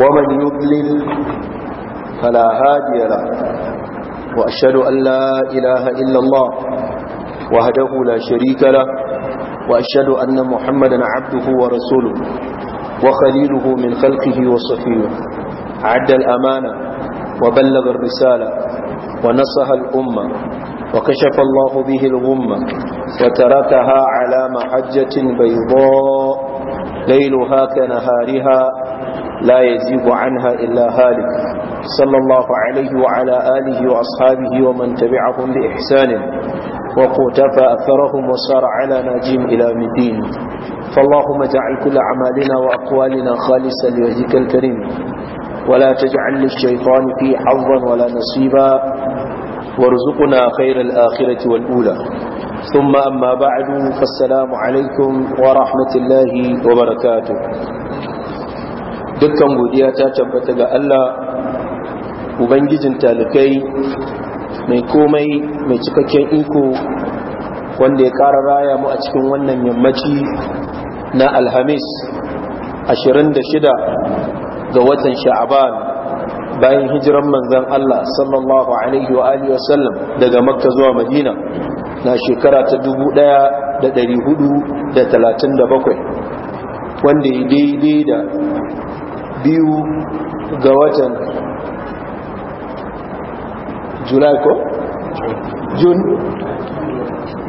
ومن يضلل فلا هادي له وأشهد أن لا إله إلا الله وهده لا شريك له وأشهد أن محمدا عبده ورسوله وخليله من خلقه وصفيه عد الأمانة وبلغ الرسالة ونصح الأمة وكشف الله به الغمة وتركها على محجة بيضاء ليلها كنهارها لا يزيغ عنها إلا هالك صلى الله عليه وعلى آله وأصحابه ومن تبعهم بإحسان وقوتف أثرهم وسار على ناجيم إلى مدين فاللهم اجعل كل عمالنا وأقوالنا خالصا لوجهك الكريم ولا تجعل للشيطان في حظا ولا نصيبا وارزقنا خير الآخرة والأولى ثم أما بعد فالسلام عليكم ورحمة الله وبركاته dukkan godiya ta tabbata ga Allah ubangijin talikai mai komai mai cikakken iko wanda ya ƙara raya mu a cikin wannan yammaci na alhamis 26 ga watan sha'aban bayan hijiran manzan Allah sallallahu alaihi wa alihi wasallam daga makka zuwa madina na shekara ta 1437 wanda ya daidai da biyu ga watan july ko? june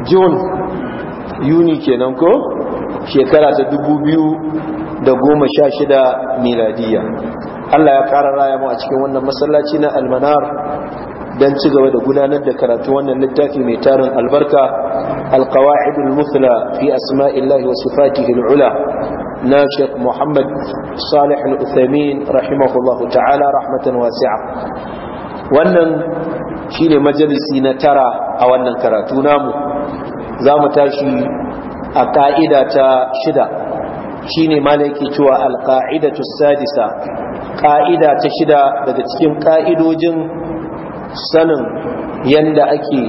june yuni kenan ko? shekara ta dubu biyu da goma sha shida miladiya Allah ya kara raya mu a cikin wannan matsalaci na almanar don ci gaba da gudanar da karatu wannan littafi mai tarin albarka alkawa'idul mutla fi asma'illahi wasu fatihin ula Na محمد Muhammad الأثمين رحمه الله ta'ala rahmatan wasi'a. wannan shine majalisi na tara a wannan karatu namu za mu tashi a ka'ida ta shida shine malaki cewa alqa'idatu sadisa ka'ida ta shida daga cikin ka'idojin sanin yanda ake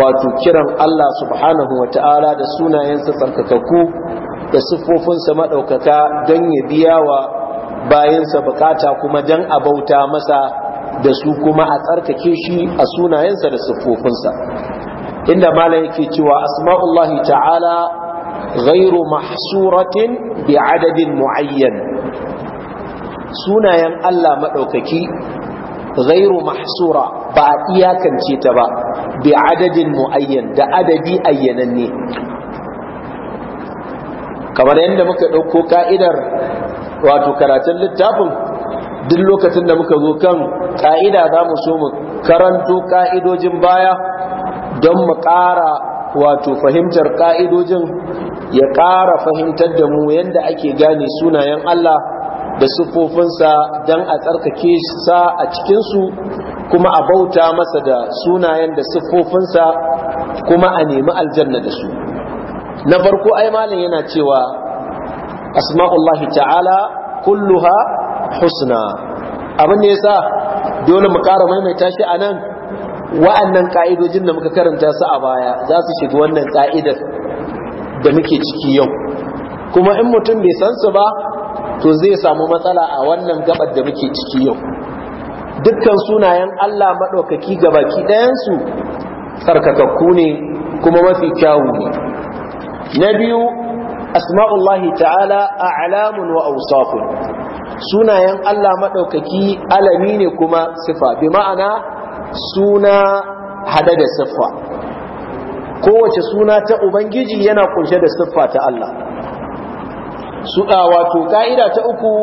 wato kiran Allah subhanahu wa ta'ala da sunayensa tsarkakakku da siffofinsa maɗaukaka don ya biya wa bayansa bukata kuma don a bauta masa da su kuma a tsarkake shi a sunayensa da siffofinsa inda malam yake cewa asma'ullahi ta'ala ghairu mahsuratin bi adadin mu'ayyan sunayen Allah maɗaukaki ghairu mahsura ba a iyakance ta ba bi adadin mu'ayyan da adadi ayyananne kamar yadda muka ɗauko ka'idar wato karatun littafin duk lokacin da muka zo kan ƙa'ida za mu so mu karanto ƙa'idojin baya don mu ƙara wato fahimtar ƙa'idojin, ya ƙara fahimtar da mu yadda ake gane sunayen Allah da sufofinsa don a tsarkake sa a cikinsu kuma a bauta masa da sunayen da siffofinsa kuma a nemi aljanna da su na farko ai malin yana cewa asma'ullahi ta'ala kulluha husna abin da yasa dole mu ƙara maimaita shi a nan wa'annan ka'idojin da muka karanta su a baya za su shiga wannan ka'idar da muke ciki yau kuma in mutum bai san su ba to zai samu matsala a wannan gabar da muke ciki yau dukkan sunayen Allah maɗaukaki gabaki ɗayansu tsarkakakku ne kuma mafi kyawu ne na biyu asma'ullahi ta'ala a'lamun wa awsafun sunayen Allah maɗaukaki alami ne kuma sifa bi ma'ana suna hada da siffa kowace suna ta ubangiji yana kunshe da siffa ta Allah su wato ka'ida ta uku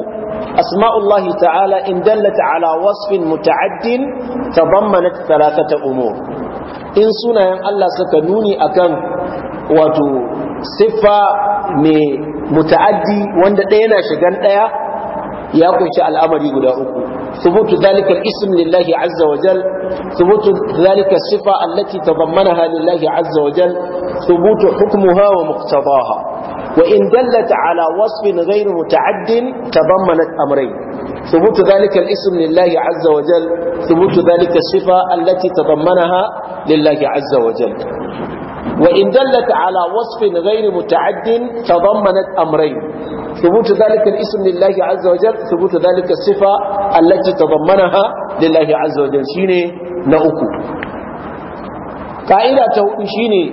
أسماء الله تعالى إن دلت على وصف ta تضمنت ثلاثة أمور إن سنة الله سكنوني أكن وتو siffa mai muta'addi wanda ɗaya na shigan ɗaya ya kunshi al'amari guda uku ثبوت ذلك الاسم لله عز وجل ثبوت ذلك الصفة التي تضمنها لله عز وجل ثبوت حكمها ومقتضاها وإن دلت على وصف غير متعد تضمنت أمرين ثبوت ذلك الاسم لله عز وجل ثبوت ذلك الصفة التي تضمنها لله عز وجل وإن دلت على وصف غير متعد تضمنت أمرين ثبوت ذلك الاسم لله عز وجل ثبوت ذلك الصفة التي تضمنها لله عز وجل شيني نأكو قائلة شيني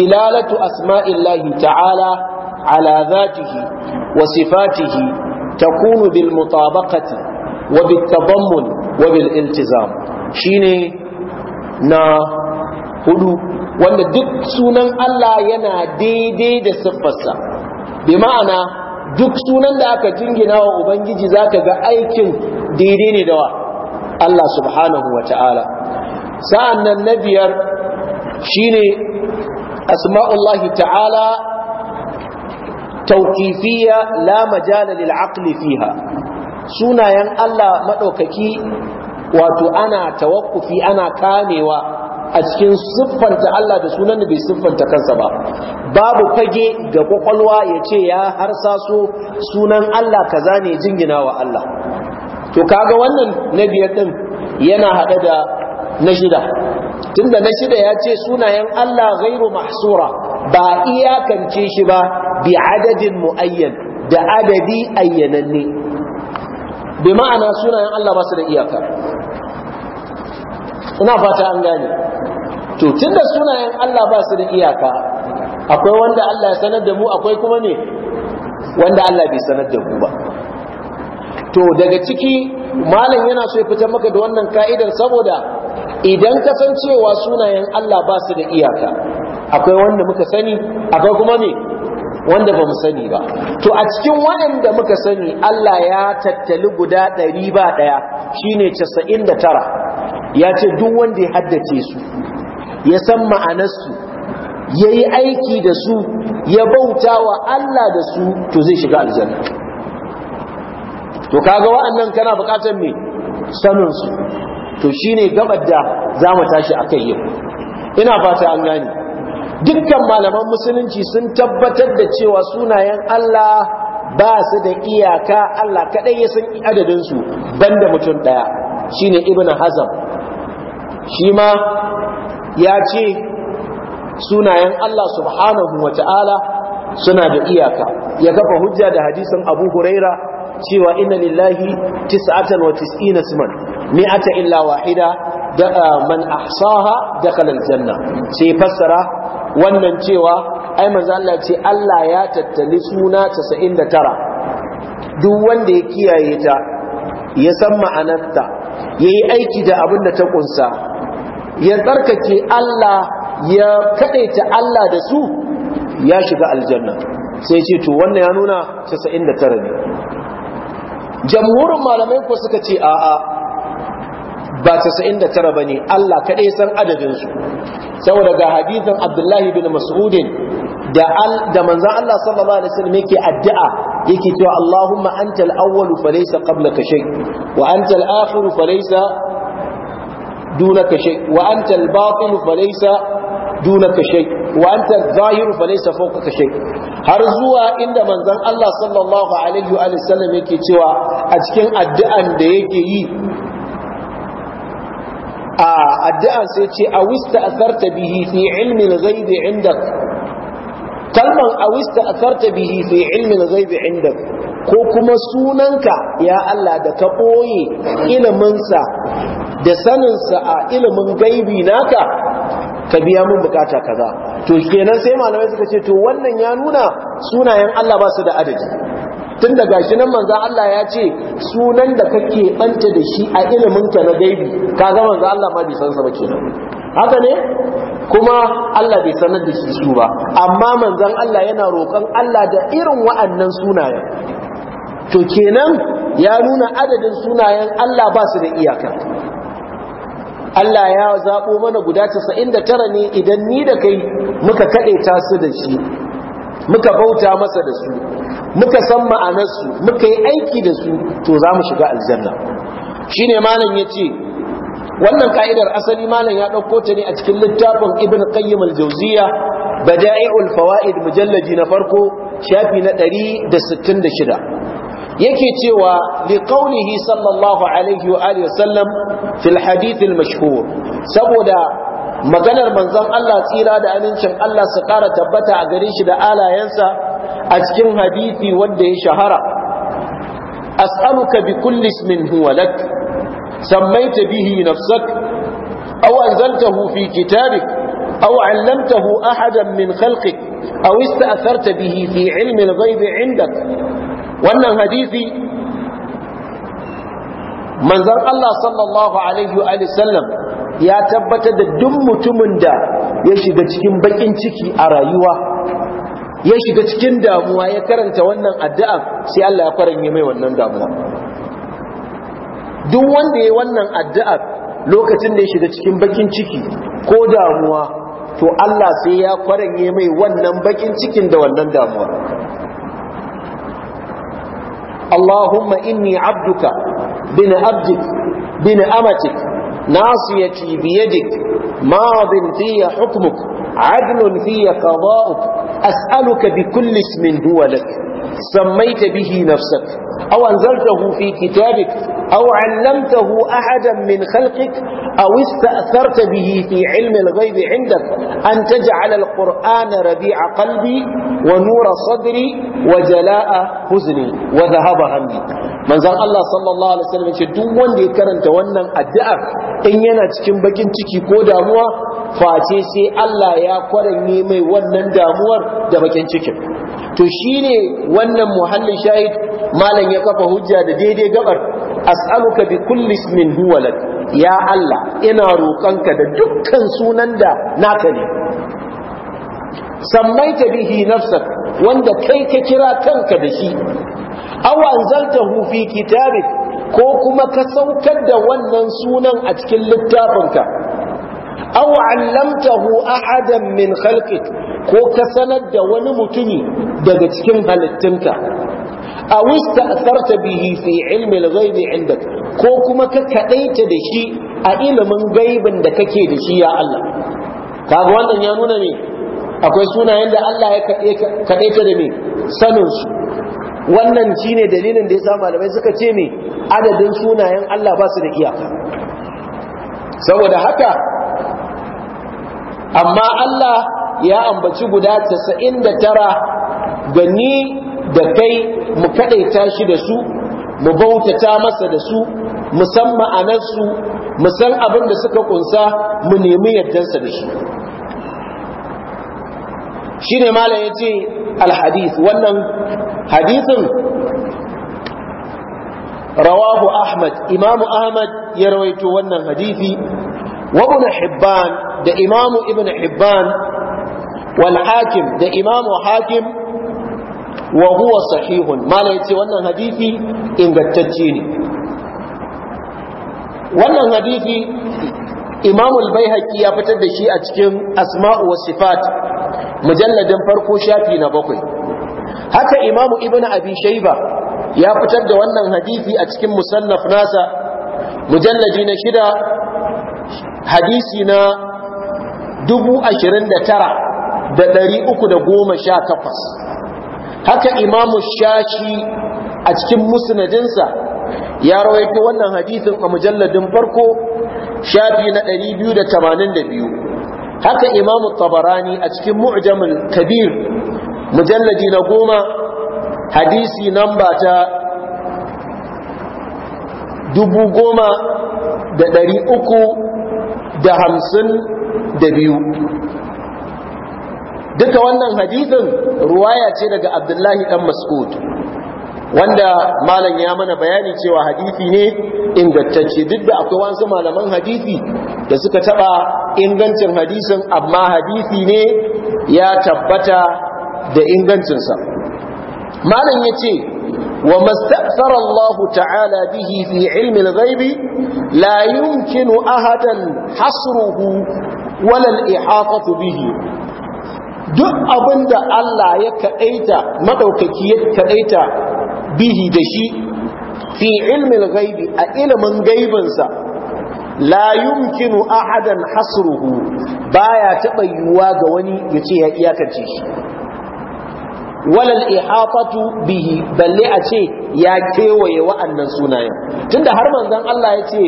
دلالة أسماء الله تعالى على ذاته وصفاته تكون بالمطابقة وبالتضمن وبالالتزام شيني na hudu wanda duk sunan Allah yana daidai da siffarsa bi ma'ana duk sunan da aka jingina wa ubangiji zaka ga aikin daidai ne da wa Allah subhanahu wa ta'ala sa'an nan na biyar shine asma'ullahi ta'ala tauqifiyya la majala lil aqli fiha sunayen Allah madaukaki wato ana tawakkufi ana kamewa a cikin siffanta Allah da sunan da bai siffanta kansa ba babu fage ga kwakwalwa ya ce ya harsaso sunan Allah kaza ne jingina wa Allah to kaga wannan na biyar din yana hada da na shida tunda na shida ya ce sunayen Allah ghairu mahsura ba iyakance shi ba bi adadin muayyan da adadi ayyananne bi ma'ana sunayen Allah ba su da iyaka ina fata an gane to tunda sunayen Allah ba su da iyaka akwai wanda Allah ya sanar da mu akwai kuma ne wanda Allah bai sanar da mu ba to daga ciki malam yana so ya fitar maka da wannan ka'idar saboda idan kasancewa sunayen Allah ba su da iyaka akwai wanda muka sani akwai kuma ne wanda ba mu sani ba to a cikin waɗanda muka sani Allah ya tattali guda ɗari ba ɗaya shine casa'in da tara ya ce duk wanda ya haddace su ya san ma'anarsu ya yi aiki da su ya bauta wa Allah da su to zai shiga aljanna to kaga wa'annan kana bukatar me saninsu to shine gabar da za mu tashi a yau ina fata an gani dukkan malaman musulunci sun tabbatar da cewa sunayen Allah ba su da iyaka Allah kadai ya san adadinsu banda mutum daya shine ibnu Hazam, shi ma ya ce sunayen Allah subhanahu wa ta'ala suna da iyaka ya kafa hujja da hadisin abu huraira cewa inna lillahi tis'atan wa tis'ina siman mi'ata illa wahida da man ahsaha kalan janna." sai fassara wannan cewa ai Mazala Allah ce Allah ya tattali suna 99 duk wanda ya kiyaye ta ya san ma'anarta yi aiki da abin da ta kunsa ya tsarkake Allah ya kadaita Allah da su ya shiga aljanna sai ce to wannan ya nuna 99 ne jamhurin malamai ko suka ce a'a ba 99 ne. Allah kadai san adadin su saboda ga hadithin Abdullahi bin Mas'udin da manzan manzon Allah sallallahu alaihi wasallam yake addu'a yake cewa Allahumma antal awwal falaisa laysa qablaka shay wa an akhir fa dunaka shay wa anta al-batil falaysa dunaka shay wa anta adh-dhahir falaysa har zuwa inda manzon Allah sallallahu alaihi wa sallam yake cewa a cikin addu'an da yake yi a addu'an sai ce a wista asarta bihi ilmin ghaibi indak kalman awista asarta bihi fi ilmin ghaibi indak ko kuma sunanka ya Allah da ka boye iliminsa da saninsa a ilimin gaibi naka ka biya mun bukata kaza to kenan sai malamai suka ce to wannan ya nuna sunayen Allah ba su da adadi tun da gashi nan manzo Allah ya ce sunan da kake banta da shi a iliminka na gaibi kaga manzo Allah ma bai san sa ba kenan haka ne kuma Allah bai sanar da shi su ba amma manzon Allah yana roƙon Allah da irin wa'annan sunayen to kenan ya nuna adadin sunayen Allah ba su da iyaka Allah ya zaɓo mana guda da tara ne idan ni da kai muka kaɗe ta su da shi muka bauta masa da su muka san ma'anarsu muka yi aiki da su to za mu shiga aljanna shine malam ce. wannan ka'idar asali malam ya ɗauko ta ne a cikin littafin ibn qayyim al-jawziya bada'i'ul fawaid mujallaji na farko shafi na 166 yake cewa li qawlihi sallallahu alaihi wa alihi wasallam fil hadith al-mashhur saboda maganar manzon Allah tsira da amincin Allah su ƙara tabbata a garin shi da alayensa a cikin hadisi wanda ya shahara as'aluka bi kulli ismin huwa lak سميت به نفسك أو أنزلته في كتابك أو علمته أحدا من خلقك أو استأثرت به في علم الغيب عندك وأن حديثي منظر الله صلى الله عليه وآله وسلم ya tabbatar da duk mutumin da ya shiga cikin baƙin ciki a rayuwa ya shiga cikin damuwa ya karanta wannan addu'ar, sai Allah ya faranye mai wannan damuwa duk wanda ya wannan addu'ar lokacin da ya shiga cikin bakin ciki ko damuwa to Allah sai ya kwaranye mai wannan bakin cikin da wannan damuwa Allahumma inni abduka bin abdik bin amatik nasiyati biyadik madin fiya hukmuk adlun fiya qada'uk as'aluka bi kulli ismin huwa lak sammaita bihi nafsak أو أنزلته في كتابك أو علمته أحدا من خلقك أو استأثرت به في علم الغيب عندك أن تجعل القرآن ربيع قلبي ونور صدري وجلاء حزني وذهب همي من زال الله صلى الله عليه وسلم يقول دون دي كرنت ونن أدعك إن ينا تكن بكين تكي كودا هو face sai Allah ya kwaranye mai wannan damuwar da bakin cikin to shine wannan muhallin shahid malam malam ya kafa hujja da daidai gabar as'aluka bi kulli ismin huwa lak ya Allah ina roƙonka da dukkan sunan da naka ne sammaita bihi nafsak wanda kai ka kira kanka da shi aw anzaltahu fi kitabik ko kuma ka saukar da wannan sunan a cikin littafinka aw allamtahu ahadan min khalqik ko ka sanar da wani mutumi daga cikin halittunka a wista asarta bihi fi ilmi al-ghaibi indak ko kuma ka kadaita da shi a ilimin gaibin da kake da shi ya Allah kaga wannan ya nuna ne akwai sunayen da Allah ya kadaita da me sanin su wannan shine dalilin da sa malamai suka ce me adadin sunayen Allah ba su da iyaka saboda haka amma Allah ya ambaci guda 99 da ni da kai mu kadaita shi da su mu bautata masa da su mu san ma'anarsu mu san abin da suka kunsa mu nemi yaddansa da shi shine malam yace alhadith wannan hadithin rawahu ahmad Imamu ahmad ya rawaito wannan hadisi wa ibn hibban da Imamu ibn hibban wal hakim da Imamu hakim wa huwa sahihun malam yace wannan hadisi ingantacce ne wannan hadisi imamu al-baihaqi ya fitar da shi a cikin asma'u wa sifat mujalladin farko shafi na bakwai haka imamu ibnu abi shayba ya fitar da wannan hadisi a cikin musannaf nasa mujalladi na shida hadisi na dubu ashirin da tara da ɗari uku da goma sha takwas haka imamu shashi a cikin musnadinsa ya rawaito wannan hadisin a mujalladin farko shafi na 282 haka imamu tabarani a cikin mu'jamul kabir mujalladi na goma hadisi namba ta dubu goma da ɗari uku da hamsin da biyu duka wannan hadithin ruwaya ce daga abdullahi dan mas'ud wanda malam ya mana bayani cewa hadisi ne ingantacce duk da akwai wasu malaman hadisi da suka taba ingancin hadisin amma hadisi ne ya tabbata da ingancinsa malam ya ce wa mastaghfara Allah ta'ala bihi fi ilmi al-ghaib la yumkinu ahadan hasruhu wala al ihata bihi duk abin da Allah ya kaɗaita maɗaukaki ya kaɗaita bihi da shi fi ilmin gaibi a ilimin gaibinsa la yumkinu ahadan hasruhu baya taɓa yiwuwa ga wani ya ce ya iyakance shi walal Ihafatu bihi balle a ce ya kewaye wa'annan sunayen tunda har manzon Allah ya ce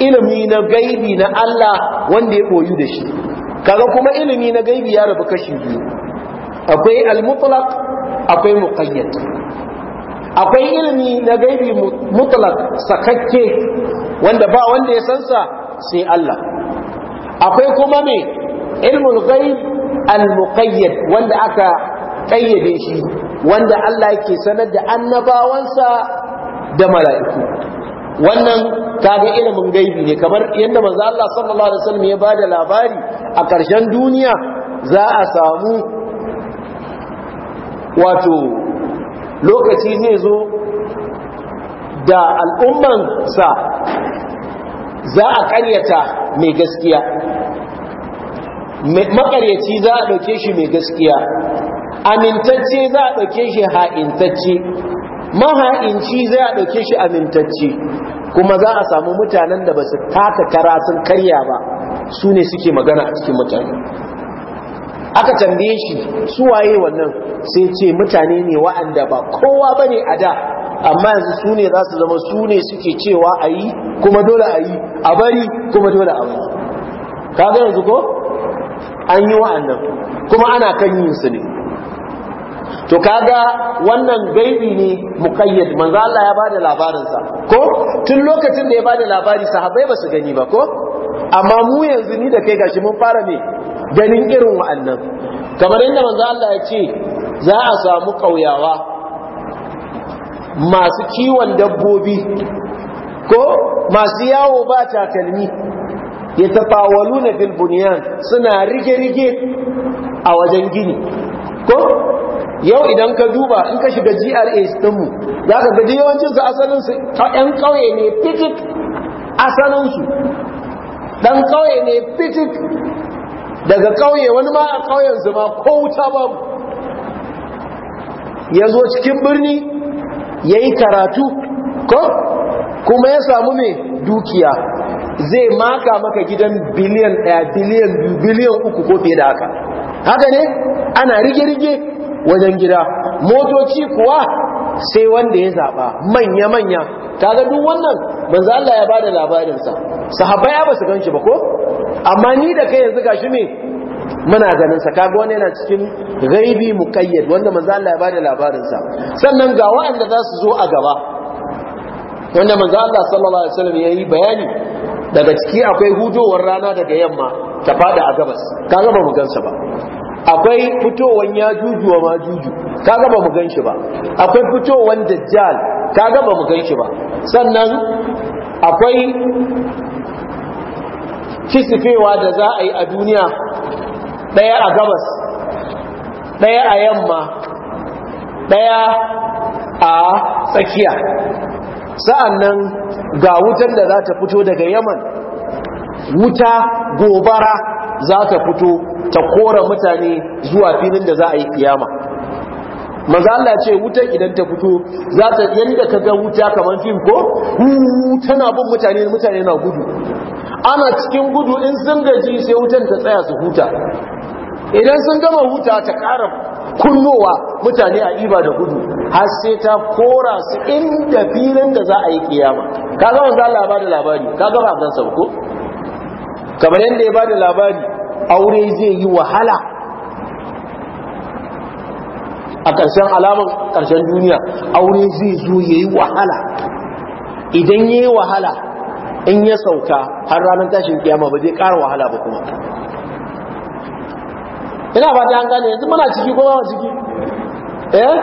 ilimi na gaibi na Allah wanda ya koyu da shi kaga kuma ilimi na gaibi ya rabu kashi biyu akwai al-mutlaq akwai muqayyad akwai ilimi na gaibi mutlaq sakakke wanda ba wanda ya san sa sai Allah akwai kuma me ilmul ghaib al-muqayyad wanda aka kayyade shi wanda Allah yake sanar da annabawansa da mala'iku wannan ta kaga ilimin gaibi ne kamar yadda manzo Allah sallallahu alaihi wasallam ya bada labari a ƙarshen duniya za a samu wato lokaci zai zo da al'umman sa za a ƙaryata mai gaskiya makaryaci za a ɗauke shi mai gaskiya amintacce za a ɗauke shi ha'intacce maha'inci zai a ɗauke shi amintacci kuma za a samu mutanen da ba su taka kara sun karya ba su ne suke magana a cikin mutane aka tambaye shi su waye wannan sai ce mutane ne wa'anda ba kowa ba ne a da amma yanzu su ne za su zama su ne suke cewa a yi kuma dole a yi a bari kuma dole a bari kaga yanzu ko an yi wa'annan kuma ana kan yin su ne to kaga wannan gaibi ne muqayyad manzo Allah ya bada labarin sa ko tun lokacin da ya bada labari sahabbai ba su gani ba ko amma mu yanzu ni da kai gashi mun fara ne ganin irin wa'annan kamar yadda manzo Allah ya ce za a samu kauyawa masu kiwon dabbobi ko masu yawo ba takalmi ya tafawalu na bilbuniyan suna rige-rige a wajen gini ko yau idan ka duba in ka shiga GRA dinmu za ka gaji yawancin su asalin su ɗan ƙauye ne fitik asalin su ɗan ƙauye ne fitik daga ƙauye wani ma a ƙauyen su ma ko wuta babu ya zo cikin birni ya yi karatu ko kuma ya samu mai dukiya zai maka maka gidan biliyan ɗaya biliyan biliyan uku ko fiye da haka haka ne ana rige-rige wajen gida motoci kuwa sai wanda ya zaba manya-manya kaga duk wannan banza Allah ya bada labarinsa sahabbai ba su shi ba ko amma ni da kai yanzu gashi ne muna ganin sa kaga wani yana cikin gaibi muqayyad wanda manzo Allah ya bada labarinsa sannan ga wanda za su zo a gaba wanda manzo Allah sallallahu alaihi wasallam yayi bayani daga ciki akwai hudowar rana daga yamma ta fada a gabas kaga ba mu gansa ba akwai fitowar yajuju ma majuju ka ba mu gan shi ba akwai fitowar dajjal ka ba mu gan shi ba sannan akwai kisifewa da za a yi a duniya daya a gabas daya a yamma daya a tsakiya sa'annan ga wutan da za ta fito daga yaman wuta gobara za ta fito ta kora mutane zuwa filin da za a yi kiyama maza Allah ce wuta idan ta fito za ta yanda ka ga wuta kamar fim ko tana bin mutane mutane na gudu ana cikin gudu in sun gaji sai wutan ta tsaya su huta idan sun gama huta ta kara kunnowa mutane a iba da gudu har sai ta kora su inda filin da za a yi kiyama kaga wanda Allah ba da labari kaga ba gan sauko kamar yadda ya ba da labari aure zai yi wahala a ƙarshen alamun ƙarshen duniya aure zai zo ya yi wahala idan ya yi wahala in ya sauka har ranar tashin kiyama ba zai ƙara wahala ba kuma ina ba ta gane yanzu muna ciki ko ba ciki eh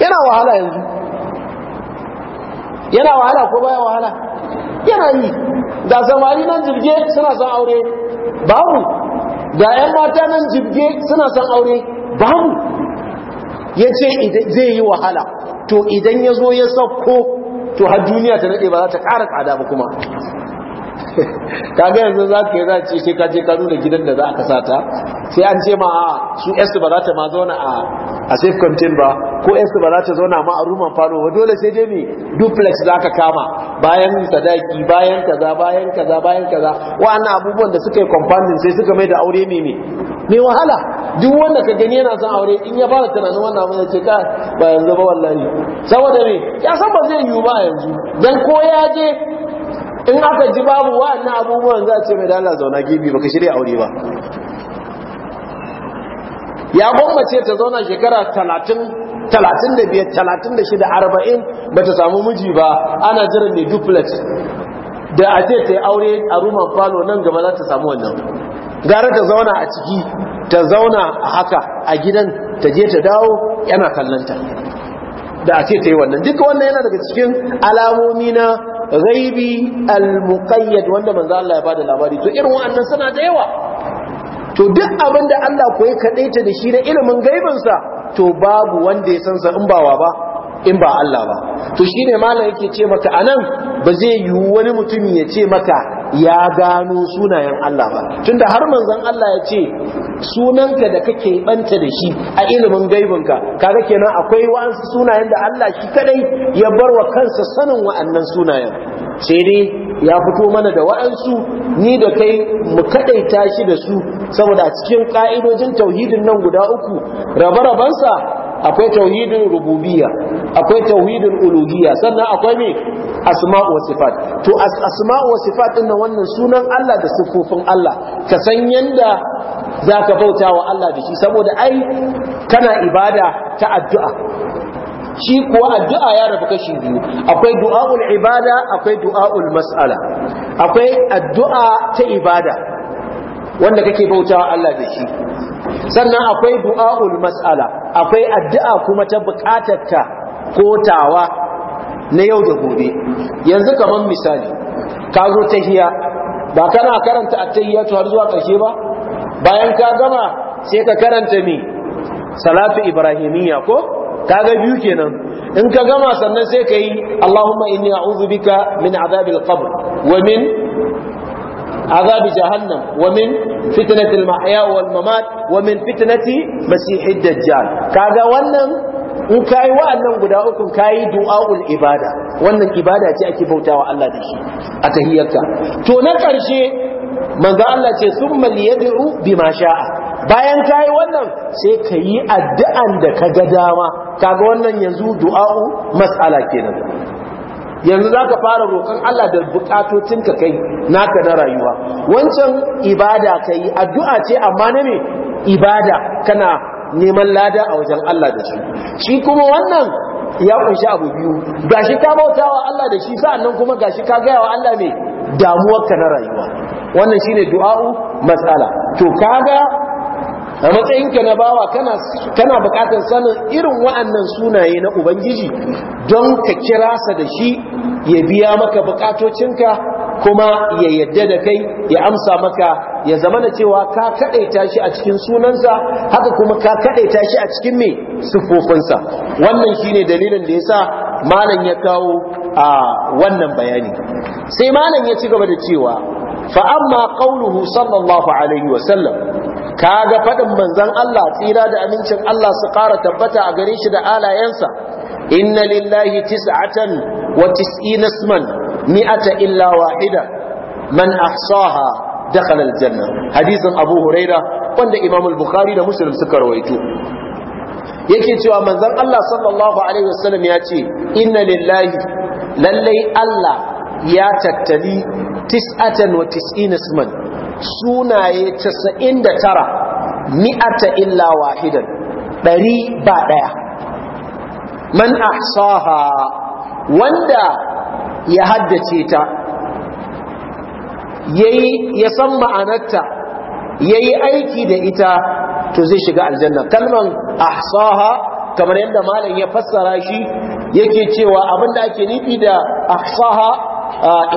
yana wahala yanzu yana wahala ko baya wahala yana yi da samari nan jirge suna son aure babu ga 'yan mata nan jibge suna son aure babu ya ce zai yi wahala to idan ya zo ya sauko to har duniya ta nade ba za ta ƙara tsada ba kuma kaga yanzu za ka yi za ce sai ka je ka nuna gidan da za a kasata sai an ce ma a su yasu ba za ta ma zauna a safe contain ba ko yasu ba za ta zauna ma a ruman falo ba dole sai dai ne duplex za ka kama bayan sadaki bayan kaza bayan kaza bayan kaza wa'annan abubuwan da suka yi kwamfanin sai suka mai da aure ne ne mai wahala duk wanda ka gani yana son aure in ya fara tunanin wannan abin ya ce ka ba yanzu ba wallahi saboda me ya san ba zai yiwu ba yanzu dan ko ya je in aka ji babu wa'annan abubuwan za a ce mai dala zauna gibi baka shirya aure ba ya ce ta zauna shekara talatin talatin da ba ta samu miji ba ana jiran ne duplex da a ce ta yi aure a ruman falo nan gaba za ta samu wannan gara ta zauna a ciki ta zauna a haka a gidan ta je ta dawo yana kallanta da a ce ta yi wannan duka wannan yana daga cikin alamomi na ghaibi al-muqayyad wanda manzo Allah ya bada labari to irin wannan suna da yawa to duk abin da Allah koyi ya ta da shi da ilimin gaibin sa to babu wanda ya san sa in ba wa ba in ba Allah ba to shine malam yake ce maka anan ba zai yiwu wani mutum ya ce maka ya gano sunayen Allah ba tunda har manzon Allah ya ce sunanka da kake banta da shi a ilimin gaibinka kaga kenan akwai wa'ansu sunayen da Allah shi kadai ya bar wa kansa sanin wa'annan sunayen sai dai ya fito mana da wa'ansu ni da kai mu kadaita shi da su saboda cikin ka'idojin tauhidin nan guda uku rabe-rabensa akwai tauhidin rububiyya akwai tauhidin uluhiyya sannan akwai me asma'u wa sifat to asma'u wa sifat din wannan sunan Allah da sifofin Allah ka san yanda zaka bauta wa Allah da shi saboda ai kana ibada ta addu'a shi kuwa addu'a ya rabu kashi biyu akwai du'a'ul ibada akwai du'a'ul mas'ala akwai addu'a ta ibada wanda kake bauta wa Allah da shi sannan akwai du'a'ul mas'ala akwai addu'a kuma ta bukatarka ko tawa na yau da gobe yanzu kamar misali ka zo tahiya ba kana karanta at-tahiyatu har zuwa ƙarshe ba bayan ka gama sai ka karanta me salatu ibrahimiyya ko kaga biyu kenan in ka gama sannan sai ka yi allahumma inni a'udhu bika min azabil qabr wa min عذاب جهنم ومن فتنة المحيا والممات ومن فتنة مسيح الدجال كاغا wannan in kai wa'annan guda uku kai du'a'un ibada wannan ibada ce ake bautawa Allah da shi a tahiyyarka to na karshe manzo Allah ce summa liyad'u bima sha'a bayan kai wannan sai kayi addu'an da ka ga dama kaga wannan yanzu du'a'u mas'ala kenan yanzu za ka fara roƙon Allah da ka kai naka na rayuwa wancan ibada ka yi addu'a ce amma na ne ibada kana neman lada a wajen Allah da shi shi kuma wannan ya kunshi abu biyu gashi ka bauta wa Allah da shi sa'annan kuma gashi ka gaya wa Allah ne damuwarka na rayuwa wannan shine du'a'u matsala to kaga a matsayinka na bawa kana kana bukatar sanin irin waɗannan sunaye na ubangiji don ka kira sa da shi ya biya maka bukatocinka kuma ya yadda da kai ya amsa maka ya zama da cewa ka kadaita shi a cikin sunansa haka kuma ka kadaita tashi a cikin me sufofinsa wannan shine dalilin da ya sa malam ya kawo a wannan bayani sai malam ya ci gaba da cewa fa amma qawluhu sallallahu alaihi wa sallam kaga faɗin manzan Allah tsira da amincin Allah su ƙara tabbata a gare shi da alayensa inna lillahi tis'atan wa tis'ina isman mi'ata illa wahida man ahsaha dakhala aljanna hadisin Abu Huraira wanda Imam al-Bukhari da Muslim suka rawaito yake cewa manzan Allah sallallahu alaihi wasallam ya ce inna lillahi lallai Allah ya tattali tis'atan wa tis'ina isman sunaye 99 mi'ata illa wahidan ɗari ba ɗaya man ahsaha wanda ya haddace ta ya san ma'anarta yayi aiki da ita to zai shiga aljanna kalman ahsaha kamar yadda malam ya fassara shi yake cewa abinda ake nufi da ahsaha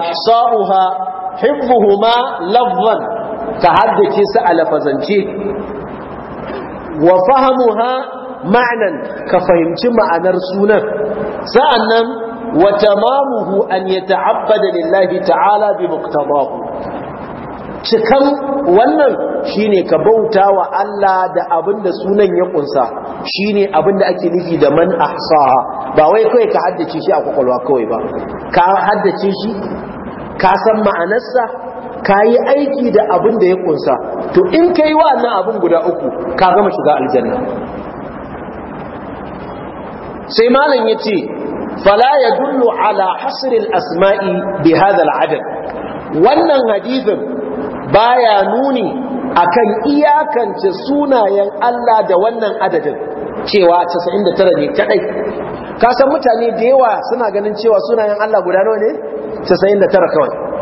ihsa'uha hifzuhuma lafzan ta haddace su a lafazance wa fahamuha ma'anan ka fahimci ma'anar sunan sa'annan wa mamuhu an yata'abbada lillahi ta'ala bi muqtadahu cikan wannan shine ka bauta wa Allah da abin da sunan ya kunsa shine abin da ake nufi da man ahsaha ba wai kawai ka haddace shi a kwakwalwa kawai ba ka haddace shi ka san ma'anarsa ka yi aiki da abin da ya kunsa to in ka yi wa'annan abin guda uku ka gama shiga aljanna sai malam ya ce fala ya dullu ala hasirin asma'i bi hadal adal wannan hadithin baya nuni akan iyakance sunayen Allah da wannan adadin cewa 99 ne kadai ka san mutane da yawa suna ganin cewa sunayen Allah guda nawa ne tara kawai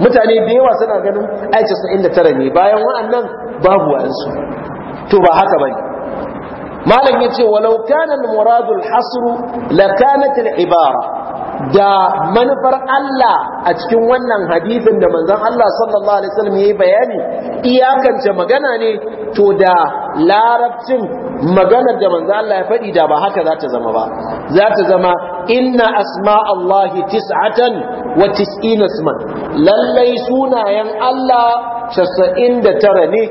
mutane da yawa suna ganin ai tara ne bayan wa'annan babu wa'ansu to ba haka bane malam ya walau kana muradul hasru al la kanat al-ibara da manufar Allah a cikin wannan hadisin da manzon Allah sallallahu alaihi wasallam yayi bayani iyakance magana ne to da larabcin maganar da manzo Allah ya faɗi da ba haka za ta zama ba za ta zama inna asma Allah tis'atan wa tis'ina isman lallai sunayen Allah 99 ne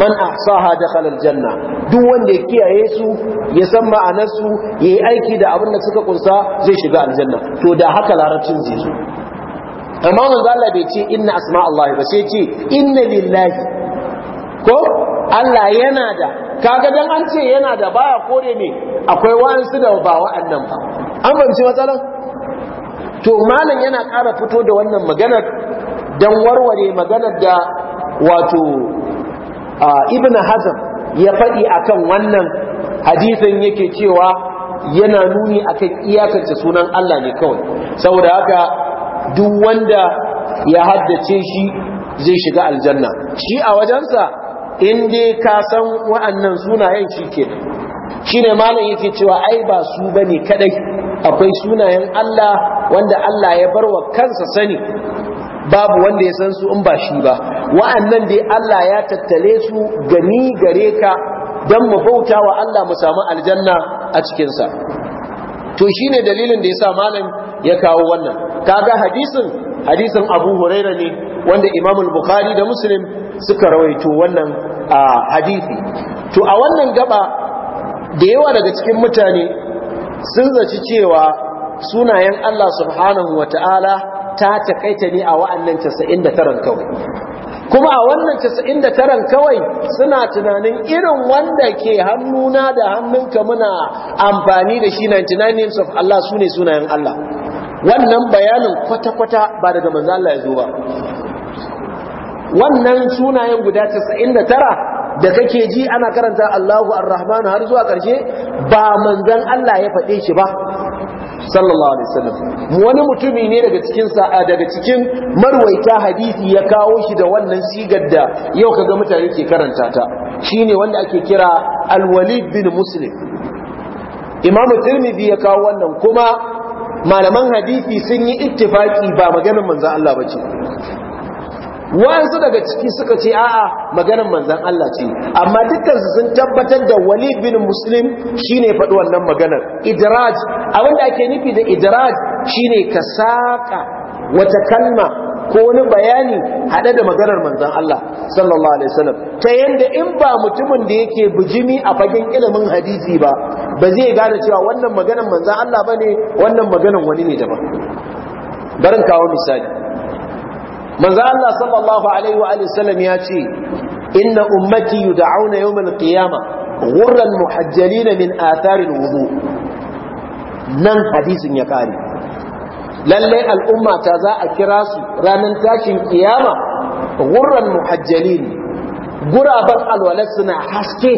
man ahsaha dakhala aljanna duk wanda ya kiyaye su ya san ma'anar su yayi aiki da abin da suka kunsa zai shiga aljanna to da haka larabcin zai zo amma manzo Allah bai ce inna asma Allah ba sai ce inna lillahi ko Allah yana da kaga dan an ce yana da baya kore ne akwai wa'ansu da ba wa'annan ba an banci matsalar to malam yana ƙara fito da wannan maganar dan warware maganar da wato ibn hazm ya faɗi akan wannan hadisin yake cewa yana nuni akan iyakance sunan Allah ne kawai saboda haka duk wanda ya haddace shi zai shiga aljanna shi a wajensa in dai ka san wa'annan sunayen shi ke shine malam yake cewa ai ba su ba ne kadai akwai sunayen Allah wanda Allah ya bar wa kansa sani babu wanda ya san su in ba shi ba wa'annan dai Allah ya tattale su gani gare ka don mu bauta wa Allah mu samu aljanna a cikinsa to shine dalilin da ya sa malam ya kawo wannan kaga hadisin hadisin abu huraira ne wanda imamul bukhari da muslim suka rawaito wannan hadisi to a wannan gaba da yawa daga cikin mutane sun zaci cewa sunayen Allah subhanahu wa ta'ala ta takaita ne a wa'annan 99 kawai kuma a wannan 99 kawai suna tunanin irin wanda ke hannuna da hannunka muna amfani da shi 99 names of Allah su sunayen Allah wannan bayanin kwata-kwata ba daga manzo Allah ya zo ba wannan sunayen guda 99 da kake ji ana karanta Allahu Ar-Rahman har zuwa ƙarshe ba manzon Allah ya faɗe shi ba sallallahu alaihi wasallam wani mutumi ne daga cikin daga cikin marwaita hadisi ya kawo shi da wannan sigar da yau kaga mutane ke karanta ta shine wanda ake kira Al-Walid bin Muslim Imam Tirmidhi ya kawo wannan kuma malaman hadisi sun yi ittifaki ba maganar manzon Allah bace wasu daga ciki suka ce a'a maganar manzan Allah ce amma dukkansu sun tabbatar da wali bin muslim shine faɗi wannan maganar idraj abinda ake nufi da idraj shine ka saka wata kalma ko wani bayani haɗe da maganar manzan Allah sallallahu alaihi wasallam ta yanda in ba mutumin da yake bijimi a fagen ilimin hadisi ba ba zai gane cewa wannan maganar manzan Allah bane wannan maganar wani ne daban barin kawo misali manzo Allah sallallahu alaihi wa alihi sallam ya ce inna ummati yud'auna yawm al-qiyama ghurran muhajjalin min athar wudu nan hadisin ya kare lalle al'umma ta za a kira su ranar tashin qiyama ghurran muhajjalin guraben alwalar suna haske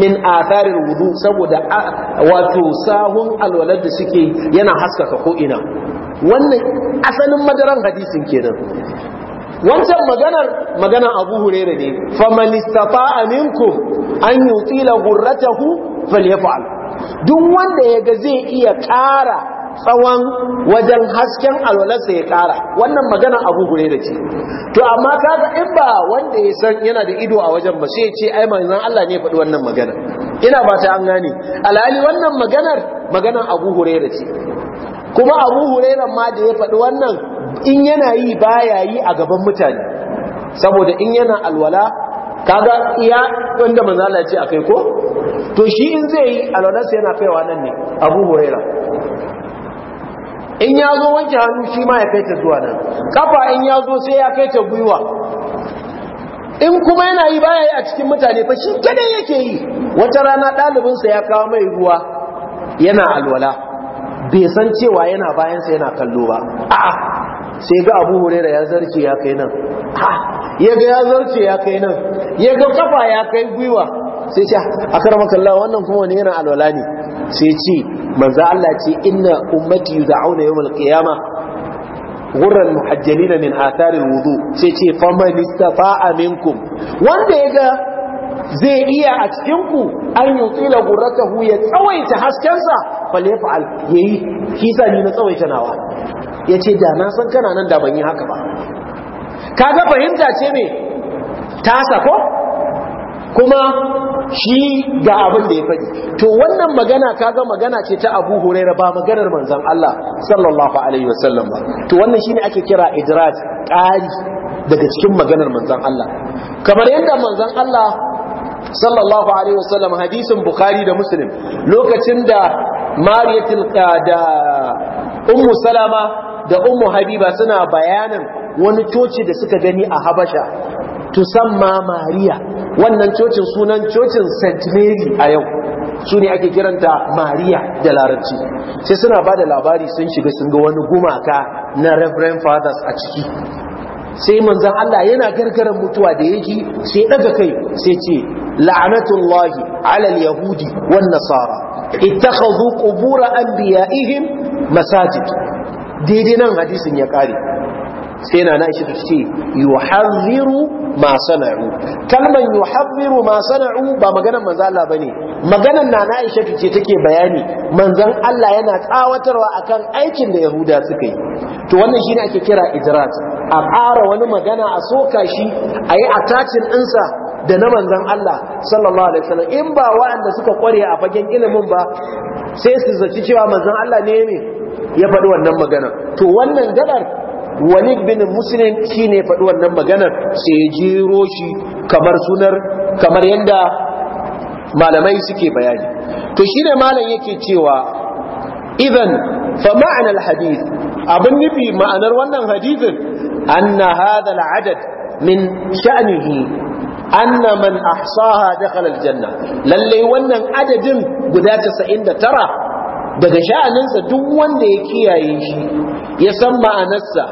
min atharin wudu saboda wato sahun alwalar da suke yana haskaka ko'ina wannan asalin madaran hadisin kenan wancan maganar maganar abu hurera ne faman istata'a aminku an yutila gurratahu falyaf'al duk wanda yaga zai iya ƙara tsawon wajen hasken alwalarsa ya ƙara wannan magana abu gure da ce to amma kaga in ba wanda ya san yana da ido a wajen ba sai ce ai manzon Allah ne faɗi wannan magana ina ba ta an gane alhali wannan maganar maganar abu da ce kuma abu hurera ma da ya faɗi wannan in yana yi baya yi a gaban mutane saboda in yana alwala kaga iya wanda manzo Allah ya ce akai ko to shi in zai yi alwalarsa yana kaiwa nan ne Abu da in ya zo wanke hannu shi ma ya kai ta zuwa nan kafa in ya zo sai ya kai ta gwiwa in kuma yana yi baya yi a cikin mutane fa shi kadai yake yi wata rana ɗalibinsa ya kawo mai ruwa yana alwala bai san cewa yana bayansa yana kallo ba a'a sai ga abu hurera ya zarce ya kai nan ya ga ya zarce ya kai nan ya ga kafa ya kai gwiwa sai ce a ah, karamakallah wannan kuma wani yana alwala ne sai ce manzo Allah ce inna ummati yud'auna yawmal qiyamah غر المحجلين من ce الوضوء سيتي فمن istafa'a minkum wanda yaga zai iya a cikin ku an yutila gurratahu ya tsawaita haskensa falyafal yayi kisa ni na tsawaita nawa yace da na san kana nan da ban yi haka ba kaga fahimta ce me tasa ko kuma shi ga abin da ya faɗi to wannan magana kaga magana ce ta Abu Hurairah ba maganar manzon Allah sallallahu alaihi wasallam ba to wannan shine ake kira idraj ƙari daga cikin maganar manzon Allah kamar yadda manzon Allah sallallahu alaihi wasallam hadisin Bukhari da Muslim lokacin da Mariyatul da Ummu Salama da Ummu Habiba suna bayanin wani coci da suka gani a Habasha tusamma Mariya wannan cocin sunan cocin st mary a yau su ne ake kiranta mariya da larabci sai suna ba da labari sun shiga sun ga wani gumaka na reverend fathers a ciki sai manzan Allah yana gargaran mutuwa da yake sai daga kai sai ce la'anatullahi alal yahudi wan nasara ittakhadhu qubur anbiya'ihim masajid daidai nan hadisin ya kare sai na naishi ta ce yuhazziru ma sana'u kalman yuhazziru ma sana'u ba maganar mazala ba bane maganar na ta ce take bayani Manzan Allah yana tsawatarwa akan aikin da Yahuda suka yi to wannan shi ne ake kira idrat a ƙara wani magana a soka shi a yi attachin ɗinsa da na manzan Allah sallallahu alaihi wasallam in ba waɗanda suka kware a fagen ilimin ba sai su zaci cewa manzon Allah ne ne ya faɗi wannan magana to wannan gadar wani bin muslim shine faɗi wannan maganar sai ya jero shi kamar sunar kamar yadda malamai suke bayani to shine malam yake cewa idan fa ma'anar hadith abin nufi ma'anar wannan hadithin anna hadha al'adad min sha'anihi, anna man ahsaha dakhala aljanna lalle wannan adadin guda 99 daga sha'aninsa duk wanda ya kiyaye shi ya san ma'anarsa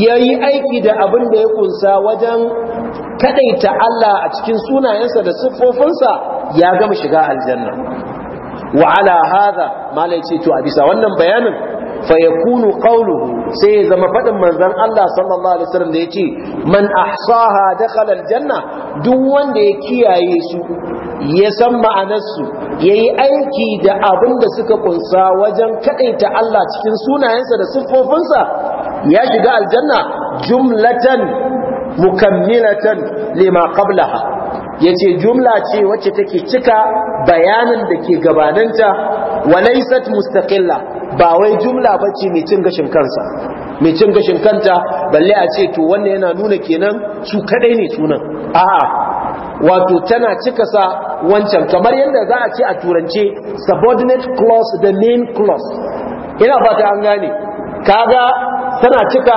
ya yi aiki da abin da ya kunsa wajen kadaita Allah a cikin sunayensa da siffofinsa ya gama shiga aljanna wa ala hadha malai ce to a bisa wannan bayanin fa yakunu sai ya zama fadin manzon Allah sallallahu alaihi wasallam da yace man ahsaha dakhala aljanna duk wanda ya kiyaye su ya san ma'anarsu yayi aiki da abin da suka kunsa wajen kadaita Allah cikin sunayensa da siffofinsa ya shiga aljanna jumlatan mukammilatan lima qablaha yace jumla ce wacce take cika bayanin da ke gabananta walaysat mustaqilla ba wai jumla bace mai cin gashin kansa mai cin gashin kanta balle a ce to wannan yana nuna kenan su kadai ne sunan a'a wato tana cika sa wancan kamar yadda za a ce a turance subordinate clause da main clause ina fata an gane kaga tana cika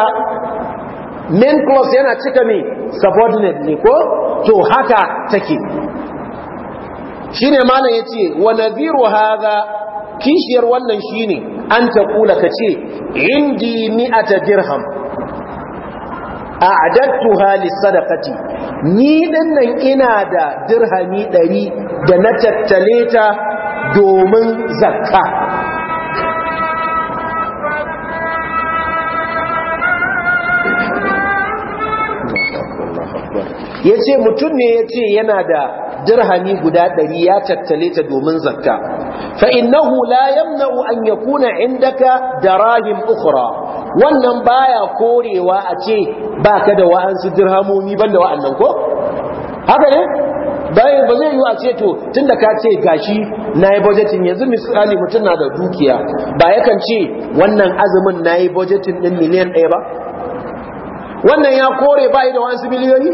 main clause yana cika me subordinate ne ko to haka take shine malam yace wa nadhiru haza? kishiyar wannan shine an ta kula kace indi mi'ata dirham a'dadtuha ni dinnan ina da dirhami 100 da na tattale ta domin zakka ya ce mutum ne ya ce yana da dirhami guda ɗari ya tattale ta domin zakka fa hula na'u yamna'u an ka indaka rahim ukura wannan baya korewa a ce ba ka da wa'ansu dirhamomi da wa'annan ko haka ne bayan ba zai yi a ce to tun da ka ce gashi na yi bajetin yanzu misali mutum na da dukiya ba ya kan ce wannan azumin na yi bajetin ɗin miliyan ɗaya ba wannan ya kore ba da wasu miliyoyi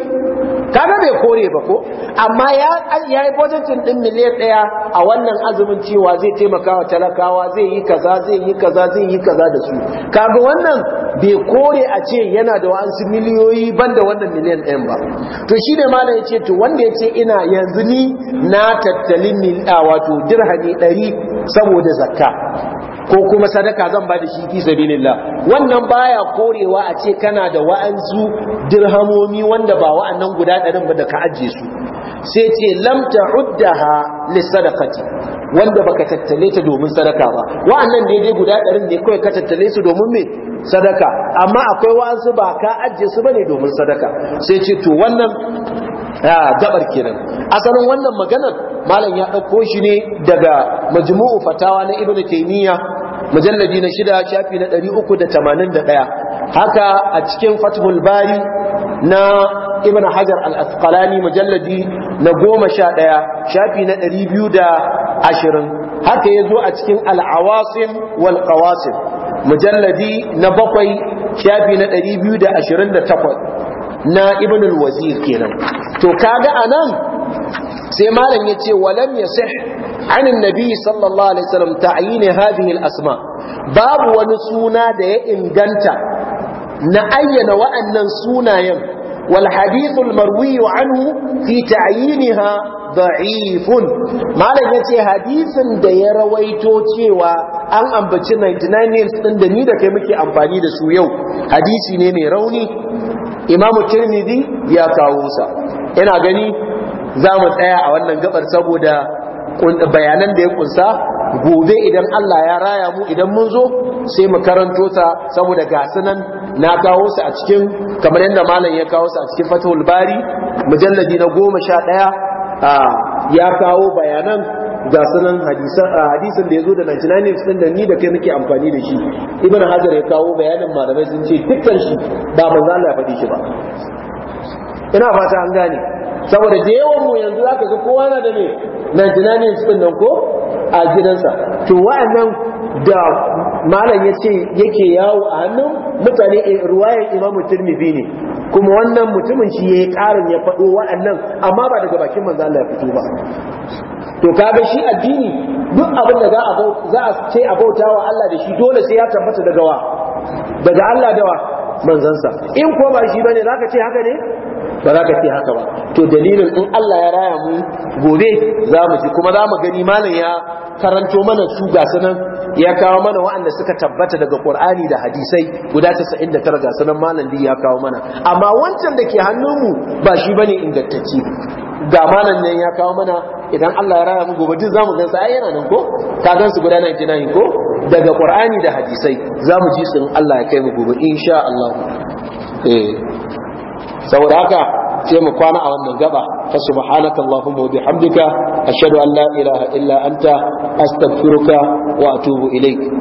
kaga bai kore ba ko amma ya ya yi budgetin din miliyan daya a wannan azumin cewa zai taimaka wa talakawa zai yi kaza zai yi kaza zai yi kaza da su kaga wannan bai kore a ce yana da wasu miliyoyi banda wannan miliyan ɗayan ba to shi ne malam ya ce to wanda ya ce ina yanzu ni na tattalin tattali wato dirhami ɗari saboda zakka ko kuma sadaka zan ba da shi fi sabilillah wannan baya korewa a ce kana da wa'ansu dirhamomi wanda ba wa'annan guda ɗarin ba da ka ajiye su sai ce lamta lam ta'uddaha fati. wanda baka tattale ta domin sadaka ba wa'annan daidai guda ɗarin ne kawai ka tattale su domin me sadaka amma akwai wa'ansu ba ka ajiye su bane domin sadaka sai ce to wannan gabar kenan asalin wannan maganar malam ya ɗauko shi ne daga majmu'u fatawa na ibnu taymiya mujalladi na shida shafi na 381 haka a cikin fathul bari na ibnu hajar al-asqalani mujalladi na 11 shafi na 200 ashirin haka ya zo a cikin al'awasin wal kawasin mujalladi na bakwai shafi na 228 na ibn wazir kenan to kaga anan sai malam ya ce walam ya sah an annabi sallallahu alaihi wasallam ta'yin hadhihi al-asma babu wani suna da ya inganta na ayyana waɗannan sunayen wal hadithul marwi anhu fi ta'yinha da'ifun malam yace hadisin da ya rawaito cewa an ambaci 99 names din da ni da kai muke amfani da su yau hadisi ne mai rauni Imam Tirmidhi ya kawo sa ina gani za mu tsaya a wannan gabar saboda bayanan da ya kunsa gobe idan Allah ya raya mu idan mun zo sai mu karanto ta saboda ga sunan na kawo su a cikin kamar yadda malam ya kawo su a cikin fatahul bari mujalladi na goma sha ɗaya ya kawo bayanan ga sunan hadisin da ya zo da 99 din da ni da kai muke amfani da shi ibn hajar ya kawo bayanan malamai sun ce dukkan shi ba manzo Allah ya faɗi shi ba ina fata an gane saboda da yawan mu yanzu zaka ga kowa na da ne 99 din nan ko a gidansa to wa'annan da malam yace yake yawo a hannun mutane eh, ruwayar imamu tirmidhi ne kuma wannan mutumin shi ya yi ƙarin ya faɗo waɗannan amma ba daga bakin manzo Allah ya fito ba to kaga shi addini duk abin da za a ce a bauta wa Allah da shi dole sai ya tabbata daga wa daga Allah da wa manzansa in ko ba shi bane zaka ce haka ne ba za ka ce haka ba to dalilin in Allah ya raya mu gobe za mu ji kuma za mu gani malam ya karanto mana su ga sanan ya kawo mana waɗanda suka tabbata daga Qur'ani da hadisai guda 99 ga sanan malam din ya kawo mana amma wancan da ke mu ba shi bane ingantacce ga malam nan ya kawo mana idan Allah ya raya mu gobe duk zamu gansa ai yana nan ko ka gansu guda 99 ko daga Qur'ani da hadisai za mu ji su in Allah ya kai mu gobe insha Allah eh saboda haka sai mu kwana a wannan gaba fa subhanaka allahumma wa bihamdika ashhadu an la ilaha illa anta astaghfiruka wa atubu ilaik